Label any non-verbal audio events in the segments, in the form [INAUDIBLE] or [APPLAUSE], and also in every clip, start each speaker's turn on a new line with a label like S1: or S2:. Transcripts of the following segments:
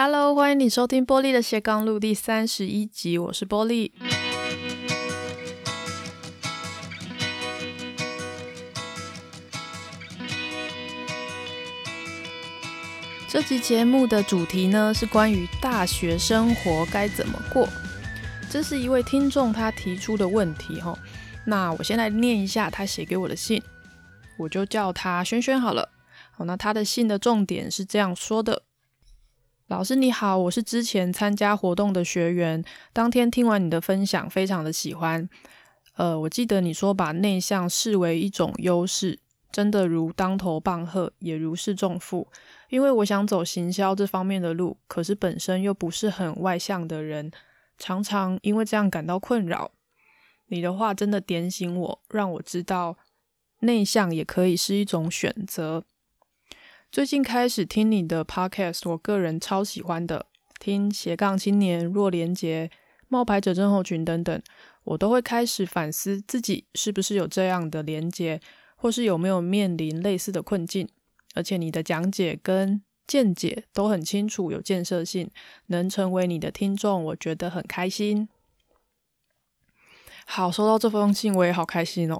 S1: Hello，歡迎你收聽《波莉的斜槓路》第三十一集，我是波莉。這集節目的主題呢，是關於大學生活該怎麼過，這是一位聽眾他提出的問題哈、哦。那我先來念一下他寫給我的信，我就叫他軒軒好了。好，那他的信的重點是這樣說的。老師你好，我是之前參加活動的學員，當天聽完你的分享，非常的喜歡。呃，我記得你說把內向視為一種優勢，真的如當頭棒喝，也如釋重負。因為我想走行銷這方面的路，可是本身又不是很外向的人，常常因為這樣感到困擾。你的話真的點醒我，讓我知道內向也可以是一種選擇。最近開始聽你的 podcast，我個人超喜歡的，聽斜槓青年、弱連結、冒牌者症候群等等，我都會開始反思自己是不是有這樣的連結，或是有沒有面臨類似的困境。而且你的講解跟見解都很清楚，有建設性，能成為你的聽眾，我覺得很開心。好，收到這封信我也好開心哦，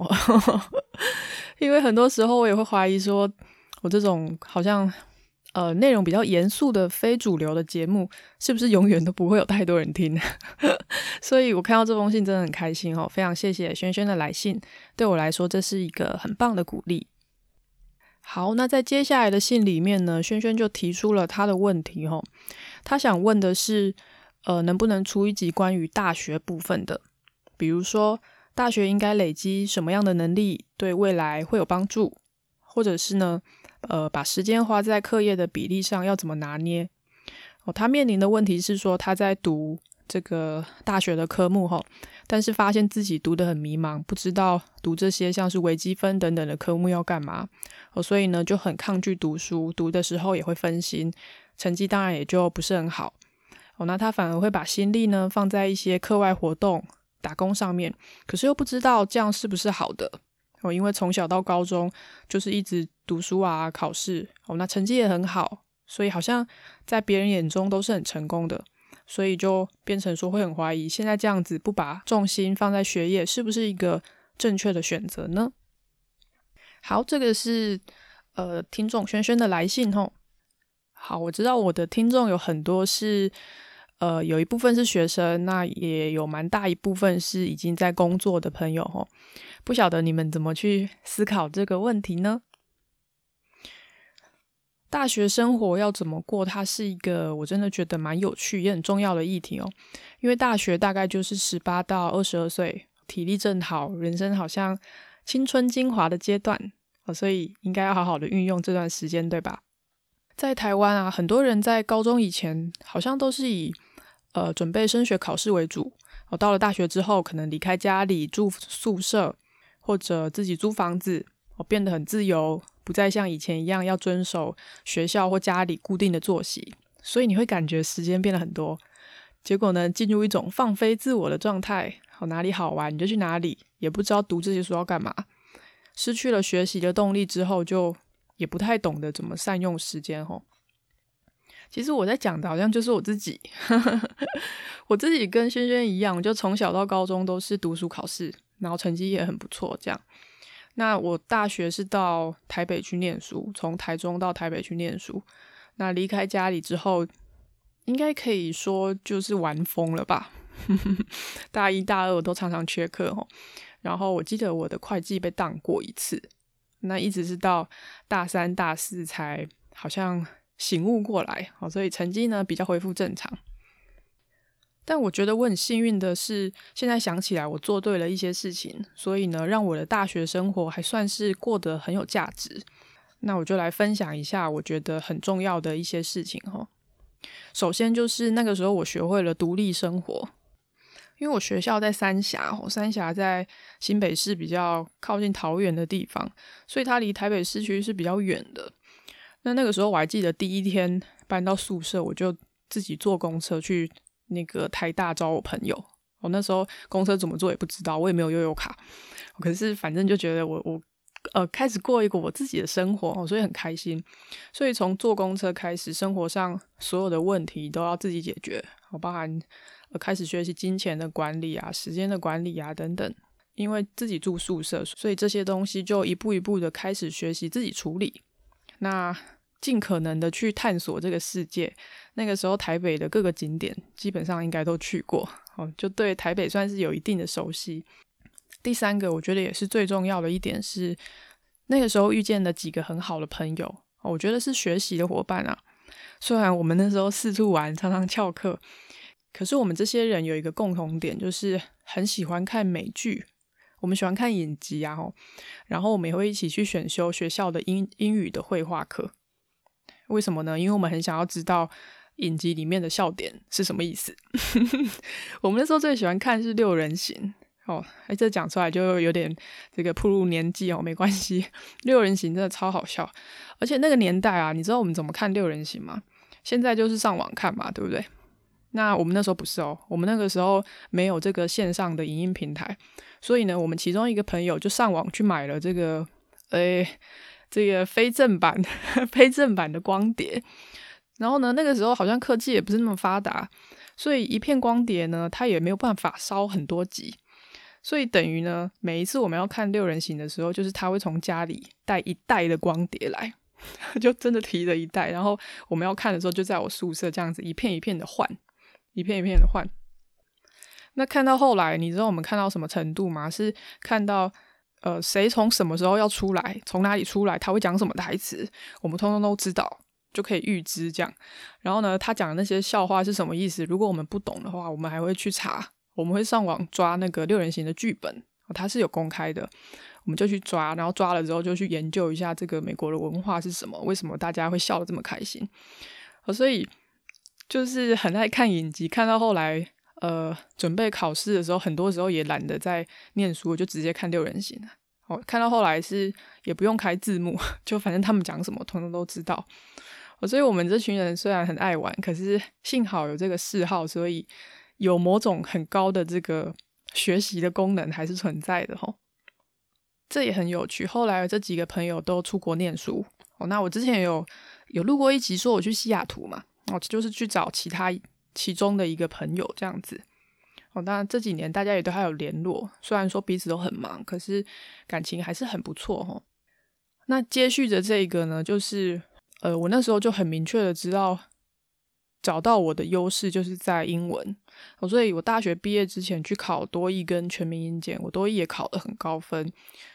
S1: [LAUGHS] 因為很多時候我也會懷疑說我這種好像呃內容比較嚴肅的非主流的節目，是不是永遠都不會有太多人聽？ [LAUGHS] 所以我看到這封信真的很開心哦，非常謝謝萱萱的來信，對我來說，這是一個很棒的鼓勵。好，那在接下來的信裡面呢，萱萱就提出了她的問題哦，她想問的是，呃，能不能出一集關於大學部分的，比如說大學應該累積什麼樣的能力，對未來會有幫助，或者是呢？呃，把時間花在課業的比例上要怎麼拿捏？哦，他面臨的問題是說，他在讀這個大學的科目後，但是發現自己讀得很迷茫，不知道讀這些像是微積分等等的科目要幹嘛哦，所以呢就很抗拒讀書，讀的時候也會分心，成績當然也就不是很好。哦，那他反而會把心力呢放在一些課外活動、打工上面，可是又不知道這樣是不是好的。哦、因為從小到高中就是一直讀書啊、考試哦，那成績也很好，所以好像在別人眼中都是很成功的，所以就變成說會很懷疑，現在這樣子不把重心放在學業，是不是一個正確的選擇呢？好，這個是呃聽眾萱萱的來信吼、哦。好，我知道我的聽眾有很多是。呃，有一部分是學生，那也有蠻大一部分是已經在工作的朋友吼，哦，不曉得你們怎麼去思考這個問題呢？大學生活要怎麼過？它是一個我真的覺得蠻有趣也很重要的議題哦，因為大學大概就是十八到二十二歲，體力正好，人生好像青春精華的階段，哦，所以應該要好好的運用這段時間，對吧？在台灣啊，很多人在高中以前好像都是以呃，準備升學考試為主。我、哦、到了大學之後，可能離開家裡住宿舍，或者自己租房子，我、哦、變得很自由，不再像以前一樣要遵守學校或家裡固定的作息，所以你會感覺時間變了很多。結果呢，進入一種放飛自我的狀態，我、哦、哪裡好玩你就去哪裡，也不知道讀這些書要幹嘛，失去了學習的動力之後，就也不太懂得怎麼善用時間、哦，吼。其實我在講的好像就是我自己， [LAUGHS] 我自己跟軒軒一樣，就從小到高中都是讀書考試，然後成績也很不錯這樣。那我大學是到台北去念書，從台中到台北去念書。那離開家裡之後，應該可以說就是玩瘋了吧。 [LAUGHS] 大一、大二我都常常缺課吼，然後我記得我的會計被當過一次，那一直是到大三、大四才好像。醒悟過來，好，所以成績呢，比較恢復正常。但我覺得我很幸運的是，現在想起來我做對了一些事情，所以呢，讓我的大學生活還算是過得很有價值。那我就來分享一下我覺得很重要的一些事情哈。首先就是那個時候我學會了獨立生活，因為我學校在三峽哦，三峽在新北市比較靠近桃園的地方，所以它離台北市區是比較遠的。那那個時候我還記得第一天搬到宿舍，我就自己坐公車去那個台大找我朋友。我那時候公車怎麼坐也不知道，我也沒有悠遊卡。可是反正就覺得我我呃開始過一個我自己的生活，喔，所以很開心。所以從坐公車開始，生活上所有的問題都要自己解決，喔，包含呃開始學習金錢的管理啊、時間的管理啊等等。因為自己住宿舍，所以這些東西就一步一步的開始學習自己處理。那儘可能的去探索這個世界，那個時候台北的各個景點基本上應該都去過，哦，就對台北算是有一定的熟悉。第三個，我覺得也是最重要的一點是，那個時候遇見的幾個很好的朋友，我覺得是學習的夥伴啊。雖然我們那時候四處玩，常常翹課，可是我們這些人有一個共同點，就是很喜歡看美劇。我們喜歡看影集啊，然後我們也會一起去選修學校的英英語的會話課。為什麼呢？因為我們很想要知道影集裡面的笑點是什麼意思。 [LAUGHS] 我們那時候最喜歡看是六人行哦，哎，這講出來就有點這個暴露年紀哦，沒關係，六人行真的超好笑。而且那個年代啊，你知道我們怎麼看六人行嗎？現在就是上網看嘛，對不對？那我們那時候不是哦，我們那個時候沒有這個線上的影音平台，所以呢，我們其中一個朋友就上網去買了這個，誒、哎，這個非正版、非正版的光碟。然後呢，那個時候好像科技也不是那麼發達，所以一片光碟呢，它也沒有辦法燒很多集，所以等於呢，每一次我們要看《六人行》的時候，就是他會從家裡帶一袋的光碟來，就真的提了一袋，然後我們要看的時候就在我宿舍這樣子一片一片的換。一片一片的換。那看到後來，你知道我們看到什麼程度嗎？是看到，呃，誰從什麼時候要出來，從哪裡出來，他會講什麼台詞，我們通通都知道，就可以預知這樣。然後呢，他講的那些笑話是什麼意思？如果我們不懂的話，我們還會去查，我們會上網抓那個六人行的劇本，它是有公開的，我們就去抓。然後抓了之後，就去研究一下這個美國的文化是什麼，為什麼大家會笑得這麼開心。呃，所以。就是很愛看影集，看到後來，呃，準備考試的時候，很多時候也懶得在念書，就直接看六人行。哦，看到後來是也不用開字幕，就反正他們講什麼，通通都知道。哦，所以我們這群人雖然很愛玩，可是幸好有這個嗜好，所以有某種很高的這個學習的功能還是存在的。吼、哦，這也很有趣。後來這幾個朋友都出國念書。哦，那我之前有有錄過一集，說我去西雅圖嘛。哦，就是去找其他其中的一個朋友這樣子。哦，當然這幾年大家也都還有聯絡，雖然說彼此都很忙，可是感情還是很不錯哈、哦。那接續的這個呢，就是呃，我那時候就很明確的知道，找到我的優勢就是在英文。哦，所以，我大學畢業之前去考多益跟全民英檢，我多益也考得很高分，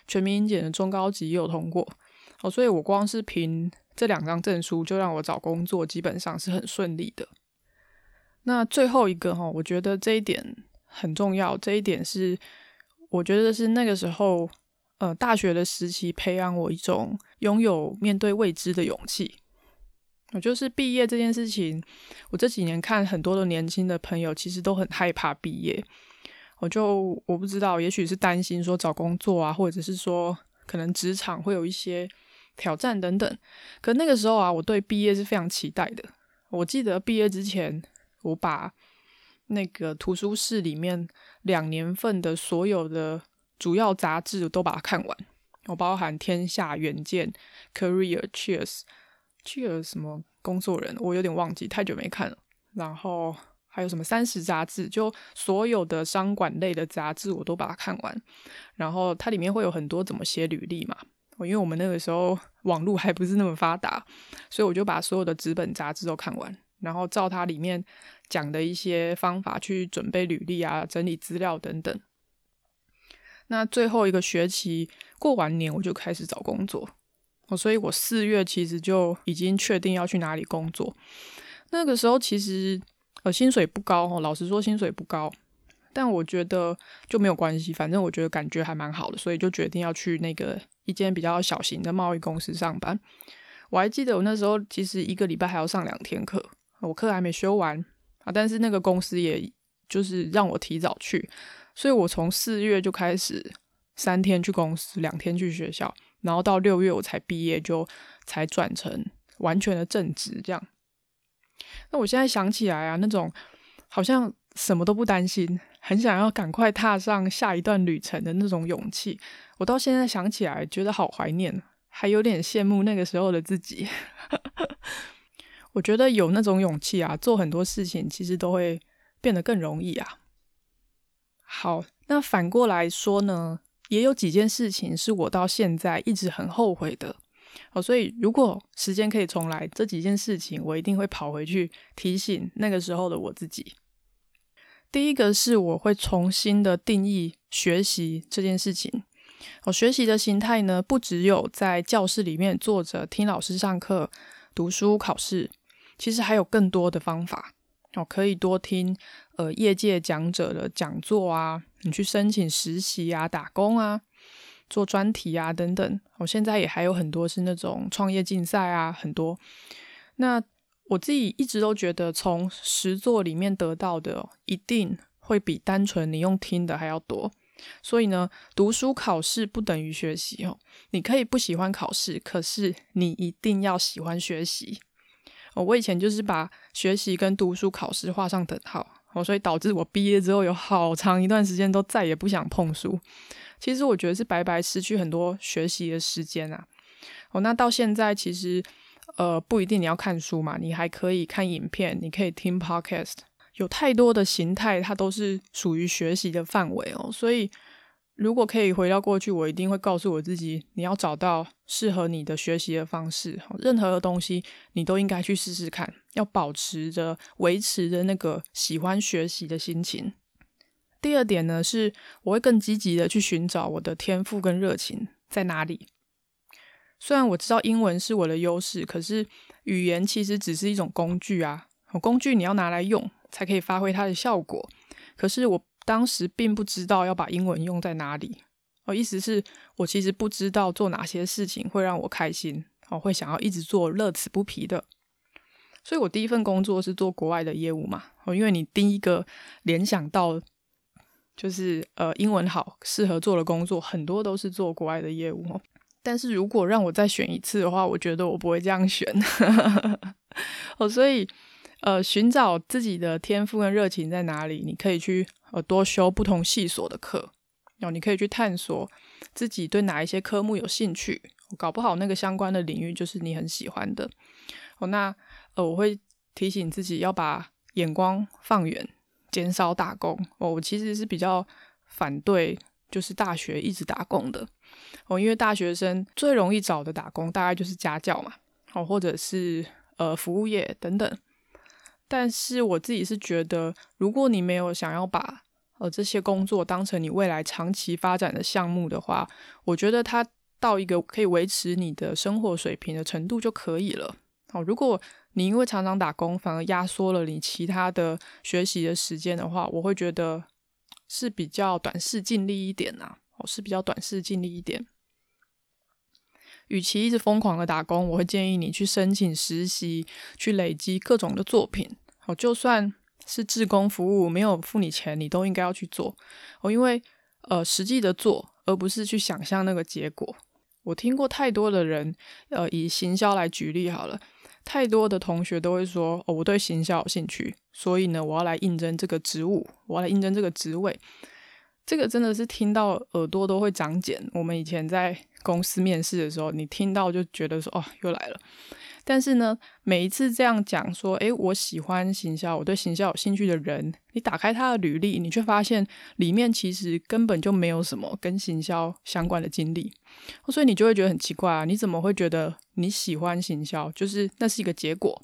S1: 全民英檢的中高級也有通過。哦，所以我光是憑這兩張證書就讓我找工作基本上是很順利的。那最後一個哈，我覺得這一點很重要，這一點是我覺得是那個時候呃，大學的時期培養我一種擁有面對未知的勇氣。我就是畢業這件事情，我這幾年看很多的年輕的朋友其實都很害怕畢業。我就我不知道，也許是擔心說找工作啊，或者是說可能職場會有一些挑戰等等，可那個時候啊，我對畢業是非常期待的。我記得畢業之前，我把那個圖書室裡面兩年份的所有的主要雜誌都把它看完，我包含《天下》《遠見》《Career Cheers》Cheers 什麼工作人，我有點忘記，太久沒看了。然後還有什麼三十雜誌，就所有的商管類的雜誌我都把它看完。然後它裡面會有很多怎麼寫履歷嘛。我因為我們那個時候網絡還不是那麼發達，所以我就把所有的紙本雜誌都看完，然後照它裡面講的一些方法去準備履歷啊、整理資料等等。那最後一個學期過完年，我就開始找工作。哦，所以我四月其實就已經確定要去哪裡工作。那個時候其實呃薪水不高哦，老實說薪水不高。但我覺得就沒有關係，反正我覺得感覺還蠻好的，所以就決定要去那個一間比較小型的貿易公司上班。我還記得我那時候其實一個禮拜還要上兩天課，我課還沒修完啊，但是那個公司也就是讓我提早去，所以我從四月就開始三天去公司，兩天去學校，然後到六月我才畢業就才轉成完全的正職這樣。那我現在想起來啊，那種好像什麼都不擔心。很想要趕快踏上下一段旅程的那種勇氣，我到現在想起來覺得好懷念，還有點羨慕那個時候的自己。 [LAUGHS] 我覺得有那種勇氣啊，做很多事情其實都會變得更容易啊。好，那反過來說呢，也有幾件事情是我到現在一直很後悔的。哦，所以如果時間可以重來，這幾件事情我一定會跑回去提醒那個時候的我自己。第一個是我會重新的定義學習這件事情。我、哦、學習的形態呢，不只有在教室裡面坐着聽老師上課、讀書、考試，其實還有更多的方法。我、哦、可以多聽呃業界講者的講座啊，你去申請實習啊、打工啊、做專題啊等等。我、哦、現在也還有很多是那種創業競賽啊，很多。那我自己一直都覺得，從實作裡面得到的、哦、一定會比單純你用聽的還要多。所以呢，讀書考試不等於學習哦。你可以不喜歡考試，可是你一定要喜歡學習。哦、我以前就是把學習跟讀書考試畫上等號、哦，所以導致我畢業之後有好長一段時間都再也不想碰書。其實我覺得是白白失去很多學習的時間啊。哦，那到現在其實。呃，不一定你要看書嘛，你還可以看影片，你可以聽 Podcast，有太多的形態，它都是屬於學習的範圍哦。所以如果可以回到過去，我一定會告訴我自己，你要找到適合你的學習的方式。任何的東西你都應該去試試看，要保持着、維持着那個喜歡學習的心情。第二點呢，是我會更積極的去尋找我的天賦跟熱情在哪裡。雖然我知道英文是我的優勢，可是語言其實只是一種工具啊。工具你要拿來用，才可以發揮它的效果。可是我當時並不知道要把英文用在哪裡。哦，意思是我其實不知道做哪些事情會讓我開心，哦，會想要一直做樂此不疲的。所以我第一份工作是做國外的業務嘛。哦，因為你第一個聯想到就是呃，英文好，適合做的工作很多都是做國外的業務哦。但是如果讓我再選一次的話，我覺得我不會這樣選。 [LAUGHS] 哦，所以呃，尋找自己的天賦跟熱情在哪裡，你可以去呃多修不同系所的課。哦，你可以去探索自己對哪一些科目有興趣，搞不好那個相關的領域就是你很喜歡的。哦，那呃，我會提醒自己要把眼光放遠，減少打工。哦，我其實是比較反對就是大學一直打工的。哦，因為大學生最容易找的打工大概就是家教嘛，哦，或者是呃服務業等等。但是我自己是覺得，如果你沒有想要把呃這些工作當成你未來長期發展的項目的話，我覺得它到一個可以維持你的生活水平的程度就可以了。哦，如果你因為常常打工反而壓縮了你其他的學習的時間的話，我會覺得是比較短視近利一點吶、啊。哦，是比較短視近利一點。與其一直瘋狂的打工，我會建議你去申請實習，去累積各種的作品。哦，就算是志工服務，沒有付你錢，你都應該要去做。哦，因為呃，實際的做，而不是去想象那個結果。我聽過太多的人，呃，以行銷來舉例好了，太多的同學都會說，哦，我對行銷有興趣，所以呢，我要來應徵這個職務，我要來應徵這個職位。這個真的是聽到耳朵都會長繭。我們以前在公司面試的時候，你聽到就覺得說，哦，又來了，但是呢，每一次這樣講說，哎，我喜歡行銷，我對行銷有興趣的人，你打開他的履歷，你卻發現裡面其實根本就沒有什麼跟行銷相關的經歷，所以你就會覺得很奇怪啊，你怎麼會覺得你喜歡行銷？就是那是一個結果。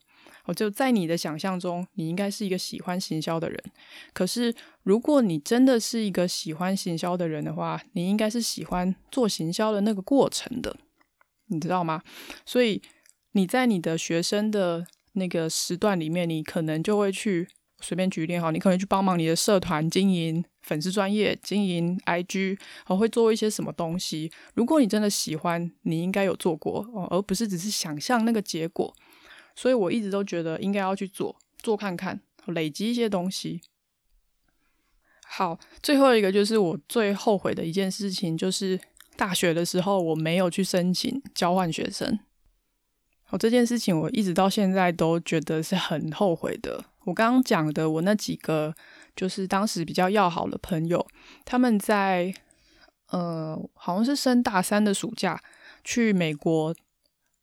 S1: 哦，就在你的想象中，你應該是一個喜歡行銷的人。可是，如果你真的是一個喜歡行銷的人的話，你應該是喜歡做行銷的那個過程的，你知道嗎？所以，你在你的學生的那個時段裡面，你可能就會去隨便舉例哈，你可能去幫忙你的社團經營、粉絲專業經營、哦、IG，我會做一些什麼東西。如果你真的喜歡，你應該有做過哦，而不是只是想象那個結果。所以我一直都覺得應該要去做做看看，累積一些東西。好，最後一個就是我最後悔的一件事情，就是大學的時候我沒有去申請交換學生。好，這件事情我一直到現在都覺得是很後悔的。我剛剛講的，我那幾個就是當時比較要好的朋友，他們在呃，好像是升大三的暑假去美國，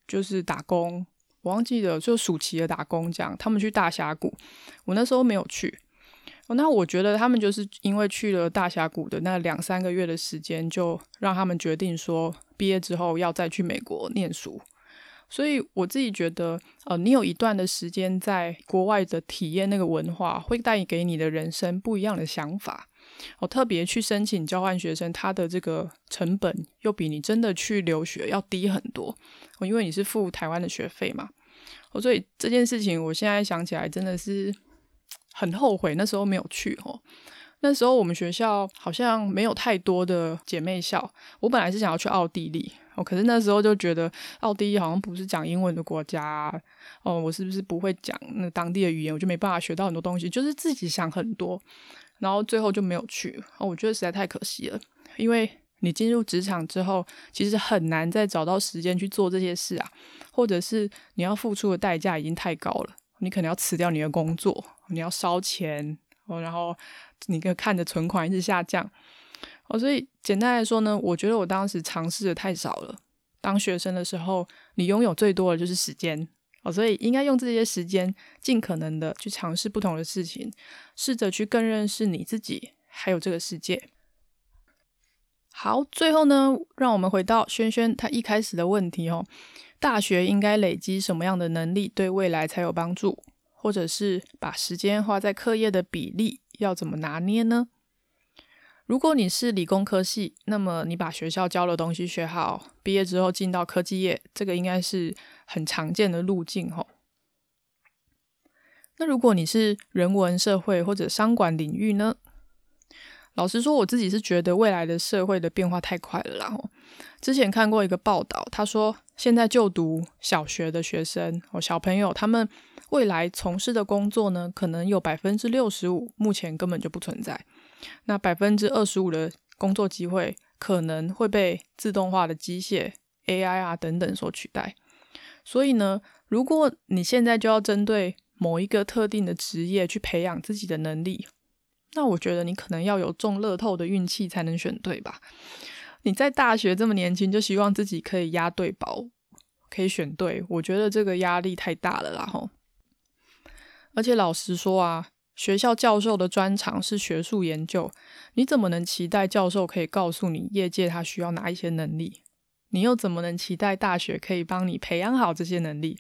S1: 就是打工。我忘記了，就暑期的打工這樣，他們去大峽谷，我那時候沒有去，哦。那我覺得他們就是因為去了大峽谷的那兩三個月的時間，就讓他們決定說畢業之後要再去美國念書。所以我自己覺得，呃，你有一段的時間在國外的體驗，那個文化會帶給你的人生不一樣的想法。我、哦、特別去申請交換學生，他的這個成本又比你真的去留學要低很多，哦，因為你是付台灣的學費嘛。哦，所以這件事情，我現在想起來真的是很後悔，那時候沒有去哦。那時候我們學校好像沒有太多的姐妹校，我本來是想要去奧地利哦，可是那時候就覺得奧地利好像不是講英文的國家啊，哦，我是不是不會講那當地的語言，我就沒辦法學到很多東西，就是自己想很多，然後最後就沒有去哦。我覺得實在太可惜了，因為，你進入職場之後，其實很難再找到時間去做這些事啊，或者是你要付出的代價已經太高了，你可能要辭掉你的工作，你要燒錢哦，然後你看着存款一直下降哦，所以簡單來說呢，我覺得我當時嘗試的太少了。當學生的時候，你擁有最多的就是時間哦，所以應該用這些時間，盡可能的去嘗試不同的事情，試着去更認識你自己，還有這個世界。好，最後呢，讓我們回到萱萱他一開始的問題哦，大學應該累積什麼樣的能力，對未來才有幫助，或者是把時間花在課業的比例要怎麼拿捏呢？如果你是理工科系，那麼你把學校教的東西學好，畢業之後進到科技業，這個應該是很常見的路徑哦。那如果你是人文、社會或者商管領域呢？老實說，我自己是覺得未來的社會的變化太快了啦。然後之前看過一個報道，他說現在就讀小學的學生哦，小朋友他們未來從事的工作呢，可能有百分之六十五目前根本就不存在。那百分之二十五的工作機會可能會被自動化的機械、AI 啊等等所取代。所以呢，如果你現在就要針對某一個特定的職業去培養自己的能力。那我覺得你可能要有中樂透的運氣才能選對吧？你在大學這麼年輕，就希望自己可以押對寶，可以選對。我覺得這個壓力太大了，然後，而且老實說啊，學校教授的專長是學術研究，你怎麼能期待教授可以告訴你業界他需要哪一些能力？你又怎麼能期待大學可以幫你培養好這些能力？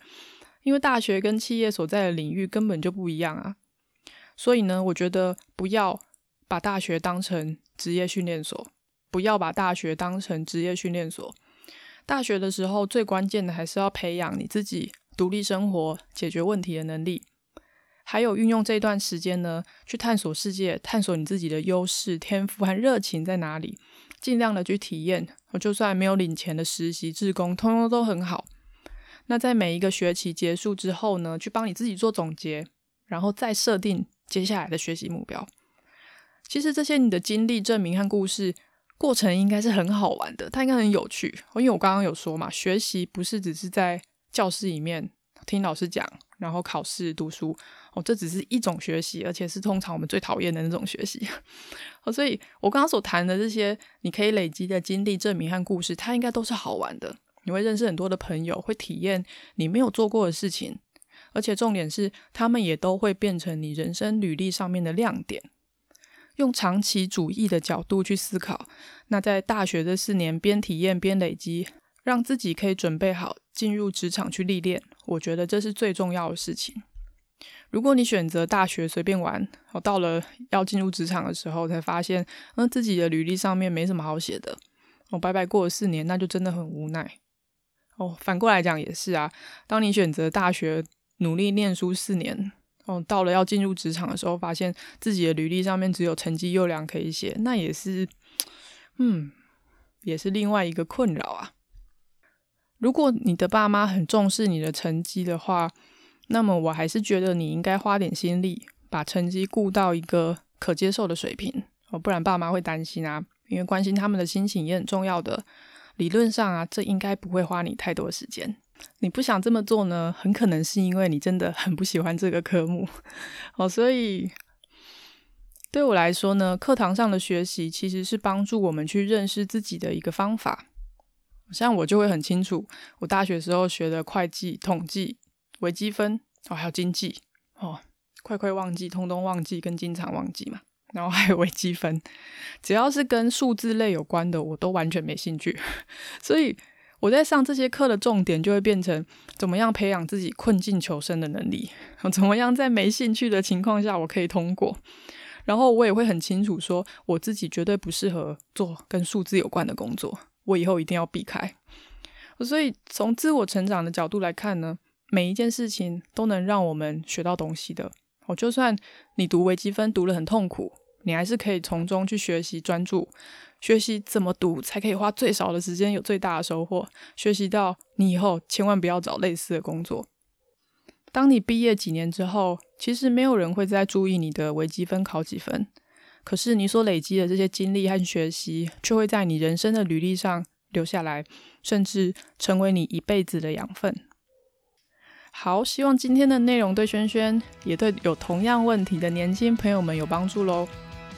S1: 因為大學跟企業所在的領域根本就不一樣啊。所以呢，我覺得不要把大學當成職業訓練所，不要把大學當成職業訓練所。大學的時候最關鍵的還是要培養你自己獨立生活、解決問題的能力，還有運用這段時間呢，去探索世界，探索你自己的優勢、天賦和熱情在哪裡，儘量的去體驗。我就算沒有領錢的實習、志工，通通都很好。那在每一個學期結束之後呢，去幫你自己做總結，然後再設定接下來的學習目標，其實這些你的經歷、證明和故事過程應該是很好玩的，它應該很有趣。因為我剛剛有說嘛，學習不是只是在教室裡面聽老師講，然後考試讀書。哦，這只是一種學習，而且是通常我們最討厭的那種學習。哦，所以我剛剛所談的這些，你可以累積的經歷、證明和故事，它應該都是好玩的。你會認識很多的朋友，會體驗你沒有做過的事情。而且重點是，他們也都會變成你人生履歷上面的亮點。用長期主義的角度去思考，那在大學這四年邊體驗邊累積，讓自己可以準備好進入職場去歷練，我覺得這是最重要的事情。如果你選擇大學隨便玩，到了要進入職場的時候才發現，那、呃、自己的履歷上面沒什麼好寫的，我白白過了四年，那就真的很無奈。哦，反過來講也是啊，當你選擇大學。努力念書四年，哦，到了要進入職場的時候，發現自己的履歷上面只有成績優良可以寫，那也是，嗯，也是另外一個困擾啊。如果你的爸媽很重視你的成績的話，那麼我還是覺得你應該花點心力，把成績顧到一個可接受的水平，哦，不然爸媽會擔心啊，因為關心他們的心情也很重要的。理論上啊，這應該不會花你太多時間。你不想這麼做呢？很可能是因為你真的很不喜歡這個科目，哦，所以對我來說呢，課堂上的學習其實是幫助我們去認識自己的一個方法。像我就會很清楚，我大學時候學的會計、統計、微積分哦，還有經濟哦，快快忘記，通通忘記，跟經常忘記嘛。然後還有微積分，只要是跟數字類有關的，我都完全沒興趣，所以。我在上這些課的重點就會變成，怎麼樣培養自己困境求生的能力？怎麼樣在沒興趣的情況下我可以通過？然後我也會很清楚說，我自己絕對不適合做跟數字有關的工作，我以後一定要避開。所以從自我成長的角度來看呢，每一件事情都能讓我們學到東西的。我就算你讀微積分讀了很痛苦。你還是可以從中去學習專注，學習怎麼讀才可以花最少的時間有最大的收穫，學習到你以後千萬不要找類似的工作。當你畢業幾年之後，其實沒有人會再注意你的微積分考幾分，可是你所累積的這些經歷和學習，卻會在你人生的履歷上留下來，甚至成為你一輩子的養分。好，希望今天的內容對軒軒也對有同樣問題的年輕朋友們有幫助嘍。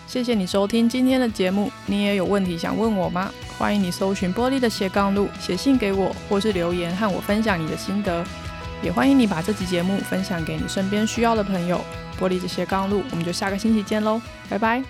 S1: 謝謝你收聽今天的節目，你也有問題想問我嗎？歡迎你搜尋波莉的斜槓路，寫信給我，或是留言和我分享你的心得，也歡迎你把這集節目分享給你身邊需要的朋友。波莉的斜槓路，我們就下個星期見嘍，拜拜。